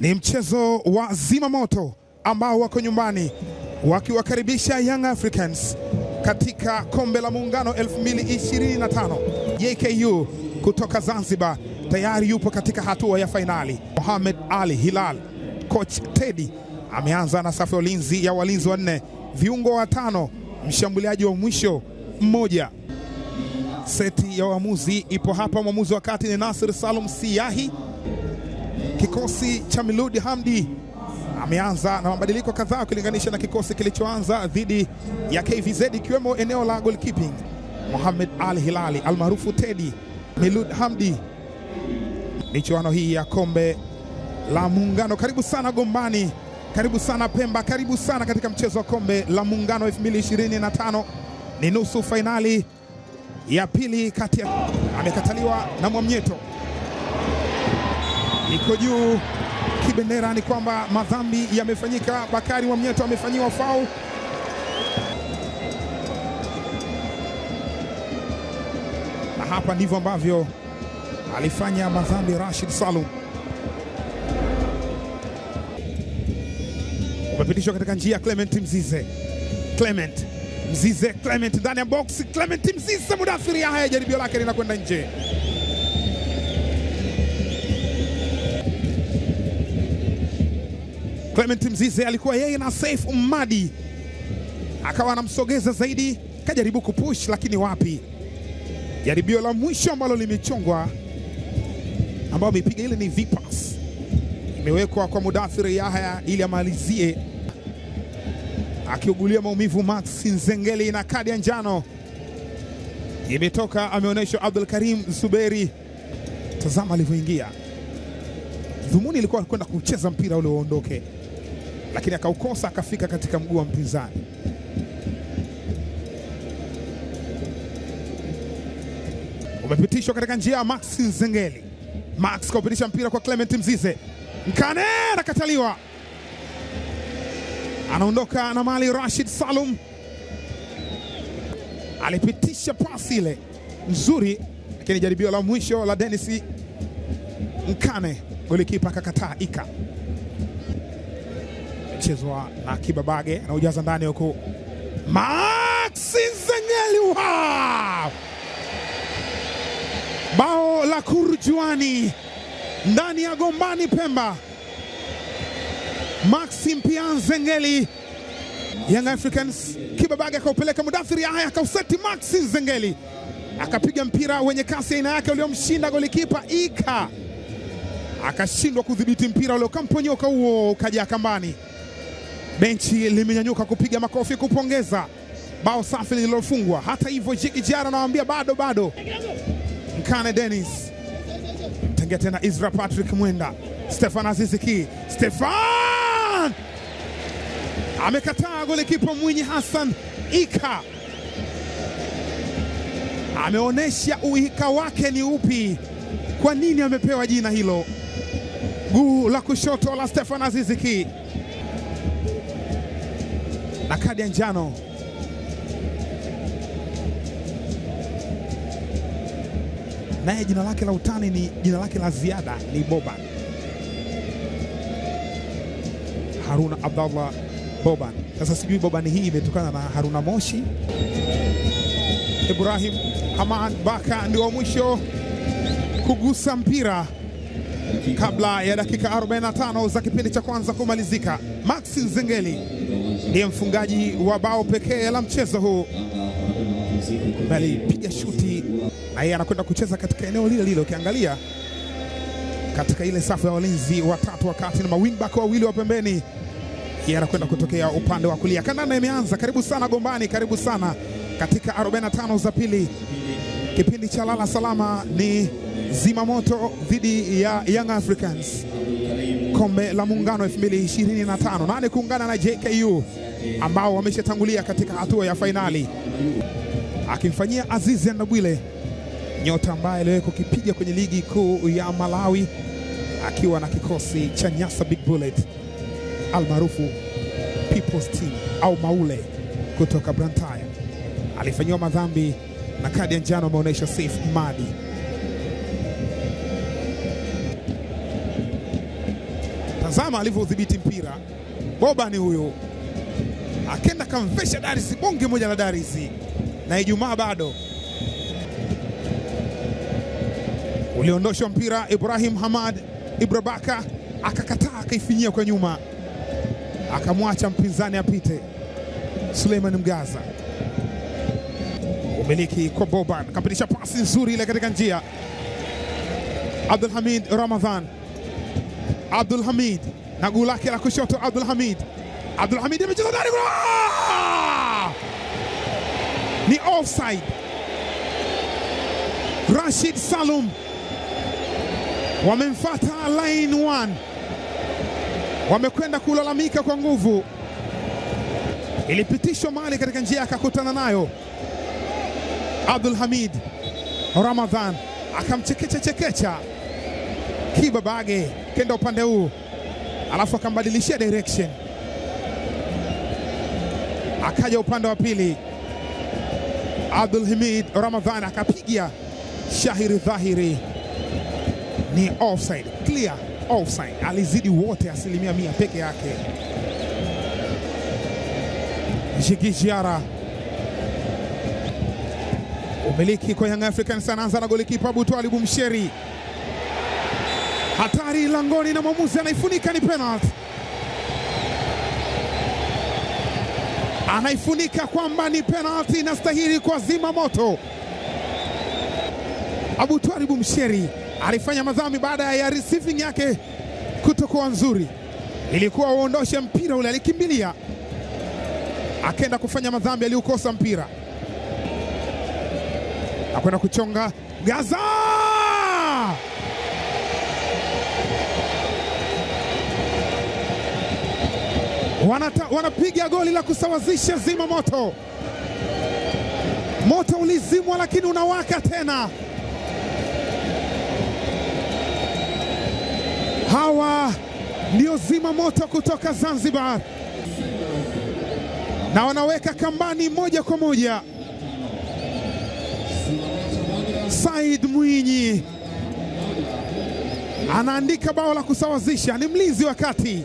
Ni mchezo wa zimamoto ambao wako nyumbani wakiwakaribisha Young Africans katika kombe la muungano 2025. JKU kutoka Zanzibar tayari yupo katika hatua ya fainali. Mohamed Ali Hilal, coach Teddy ameanza na safu ya ulinzi ya walinzi wanne, viungo watano, mshambuliaji wa mwisho mmoja. Seti ya waamuzi ipo hapa. Mwamuzi wa kati ni Nasir Salum siyahi Kikosi cha Miludi Hamdi ameanza na mabadiliko kadhaa kulinganisha na kikosi kilichoanza dhidi ya KVZ, ikiwemo eneo la goalkeeping. Mohamed Al Hilali almaarufu Teddy Milud Hamdi. Michuano hii ya kombe la Muungano, karibu sana Gombani, karibu sana Pemba, karibu sana katika mchezo wa kombe la Muungano 2025 ni nusu fainali ya pili kati ya amekataliwa na Mwamnyeto iko juu kibendera ni kwamba madhambi yamefanyika. Bakari wa Mnyeto amefanyiwa faul. Na hapa ndivyo ambavyo alifanya madhambi Rashid Salum. Umepitishwa katika njia Clement Mzize, Clement Mzize, Clement ndani ya box, Clement Mzize, mudafiri Haya, jaribio lake linakwenda nje. Clement Mzize alikuwa yeye na Saif Umadi, akawa anamsogeza zaidi, kajaribu kupush lakini wapi. Jaribio la mwisho ambalo limechongwa, ambao amepiga ile ni vipas, imewekwa kwa Mudathiri Yahya ili amalizie, akiugulia maumivu. Max Nzengeli na kadi ya njano imetoka, ameonyeshwa Abdul Karim Zuberi. Tazama alivyoingia, dhumuni ilikuwa kwenda kucheza mpira ule uondoke lakini akaukosa akafika katika mguu wa mpinzani. Umepitishwa katika njia ya Max Nzengeli. Max kaupitisha mpira kwa Clement Mzize, Nkane anakataliwa, anaondoka na mali Rashid Salum alipitisha pasi ile nzuri, lakini jaribio la mwisho la Dennis Nkane golikipa akakataa ika Chezwa na Kibabage anaujaza ndani huku Maxi Zenyeli wa bao la kurujuani ndani ya Gombani Pemba. Maxi Mpian Zengeli, Young Africans. Kibabage akaupeleka Mudathiri haya akauseti. Maxi Zengeli akapiga mpira wenye kasi aina yake uliomshinda golikipa Ika akashindwa kudhibiti mpira uliokamponyoka huo ukaja kambani. Benchi limenyanyuka kupiga makofi kupongeza bao safi lililofungwa. Hata hivyo, Jiki Jara anawaambia bado bado. Nkane Dennis tangia tena, Isra Patrick Mwenda, Stefan Aziziki, Stefan amekataa. kipo Mwinyi Hassan Ika ameonyesha uhika wake ni upi, kwa nini amepewa jina hilo. Guu la kushoto la Stefan Aziziki na kadi ya njano. Naye jina lake la utani ni jina lake la ziada ni Boban Haruna Abdallah Boban. Sasa sijui Boban hii imetokana na Haruna Moshi. Ibrahim Hamad Baka ndio wa mwisho kugusa mpira kabla ya dakika 45 za kipindi cha kwanza kumalizika. Maxi Nzengeli ndiye mfungaji wa bao pekee la mchezo huu, alipiga shuti na yeye anakwenda kucheza katika eneo lile lile. Ukiangalia katika ile safu ya walinzi watatu wakati na mawingbak wawili wa pembeni, yeye anakwenda kutokea upande wa kulia. Kandanda imeanza, karibu sana Gombani, karibu sana katika 45 za pili. Kipindi cha lala salama ni zimamoto dhidi ya Young Africans, kombe la muungano 2025 nane kuungana na JKU ambao wameshatangulia katika hatua ya fainali, akimfanyia Azizi Ndabwile, nyota ambaye aliwahi kukipiga kwenye ligi kuu ya Malawi akiwa na kikosi cha Nyasa Big Bullet almaarufu People's Team au Maule kutoka Blantyre, alifanyiwa madhambi na kadi ya njano ameonyesha Saif Madi. Tazama alivyodhibiti mpira, boba ni huyo, akenda kamvesha darisi bonge moja la darisi, na Ijumaa bado uliondoshwa mpira. Ibrahim Hamad Ibrabaka akakataa, akaifinyia kwa nyuma, akamwacha mpinzani apite. Suleiman Mgaza miliki kwa Boban, kapitisha pasi nzuri ile katika njia. Abdulhamid Ramadhan, Abdulhamid na guu lake la kushoto. Abdulhamid, Abdulhamid amecheza ndani, ni offside. Rashid Salum wamemfata line one, wamekwenda kulalamika kwa nguvu, ilipitishwa mali katika njia akakutana nayo. Abdul Hamid Ramadhan akamchekecha chekecha kibabage kenda upande huu, alafu akambadilishia direction, akaja upande wa pili. Abdul Hamid Ramadhan akapiga shahiri dhahiri, ni offside, clear offside. Alizidi wote asilimia mia peke yake. Jigijiara Umiliki kwa Young Africans anaanza na golikipa Butwali Bumsheri, hatari langoni na mwamuzi anaifunika, ni penalt anaifunika kwamba ni penalti inastahili kwa zima moto. Abutwali msheri alifanya madhambi baada ya receiving yake kutokuwa nzuri, ilikuwa uondoshe mpira ule, alikimbilia akaenda kufanya madhambi, aliukosa mpira akwenda kuchonga Gaza Wanata, wanapiga goli la kusawazisha zima moto. Moto ulizimwa lakini unawaka tena. Hawa ndio zima moto kutoka Zanzibar na wanaweka kambani moja kwa moja. Said Mwinyi anaandika bao la kusawazisha, ni mlinzi wa kati.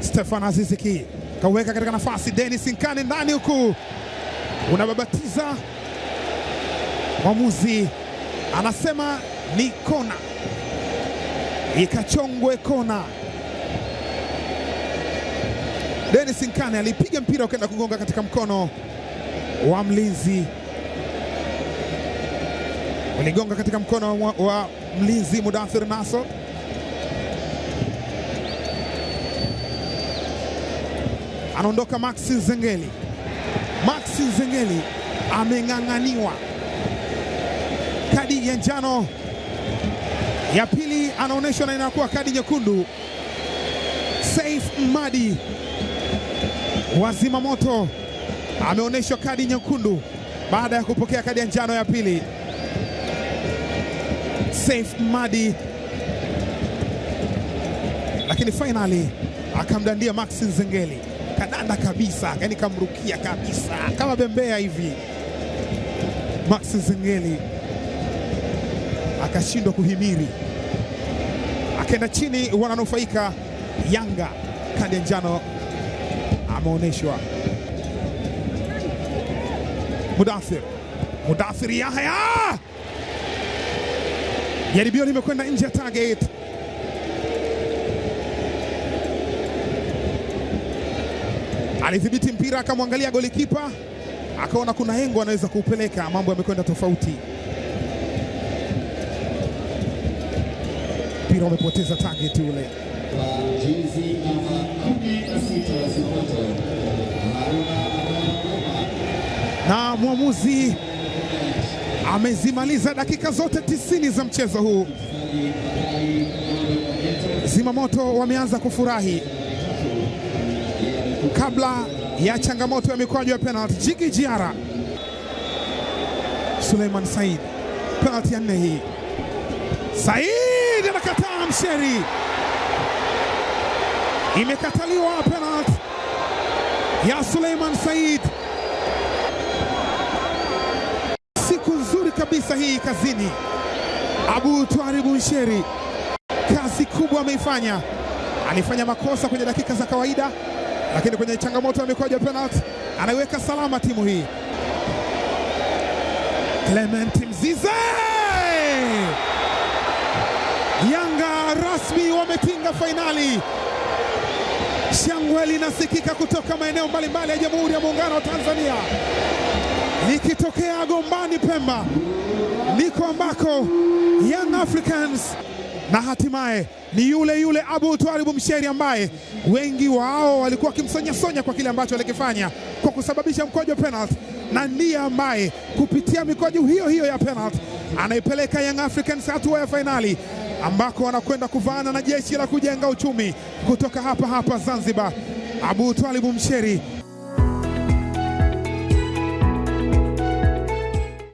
Stefan Aziziki kaweka katika nafasi, Dennis Nkane ndani huku unababatiza, mwamuzi anasema ni kona, ikachongwe kona. Dennis Nkane alipiga mpira ukaenda kugonga katika mkono wa mlinzi uligonga katika mkono wa, wa mlinzi Mudathir Naso. Anaondoka Maxi Zengeli. Maxi Zengeli ameng'ang'aniwa kadi ya njano ya pili, anaonyeshwa na inakuwa kadi nyekundu. Saif Madi wa Zimamoto ameonyeshwa kadi nyekundu baada ya kupokea kadi ya njano ya pili. Saif Madi, lakini fainali akamdandia Max Nzengeli kadanda kabisa, yani kamrukia kabisa kama bembea hivi. Max Nzengeli akashindwa kuhimiri akaenda chini, wananufaika Yanga. Kadi ya njano ameonyeshwa. Mudathir, Mudathir Yahya, jaribio limekwenda nje ya target. Alidhibiti mpira akamwangalia golikipa akaona kuna hengo anaweza kuupeleka. Mambo yamekwenda tofauti, mpira umepoteza target ule. Jezi namba 16 Simba Haruna na mwamuzi amezimaliza dakika zote tisini za mchezo huu. Zimamoto wameanza kufurahi kabla ya changamoto ya mikwaju ya penalti. Jiki Jiara, Suleiman Said, penalti ya nne hii. Said anakataa, Msheri, imekataliwa penalti ya Suleiman Said. kabisa hii kazini. Abu Twari Bunsheri kazi kubwa ameifanya, alifanya makosa kwenye dakika za kawaida, lakini kwenye changamoto ya mikwaju ya penalti anaiweka salama timu hii. Clement Mzize, Yanga rasmi wametinga fainali. Shangwe linasikika kutoka maeneo mbalimbali ya Jamhuri ya Muungano wa Tanzania, likitokea Gombani Pemba liko ambako Young Africans na hatimaye ni yule yule Abu Twaribu Msheri ambaye wengi wao walikuwa wakimsonyasonya kwa kile ambacho alikifanya kwa kusababisha mkojo penalt na ndiye ambaye kupitia mikojo hiyo hiyo ya penalt anaipeleka Young Africans hatua ya fainali ambako wanakwenda kuvaana na jeshi la kujenga uchumi kutoka hapa hapa Zanzibar. Abu Twalibu Msheri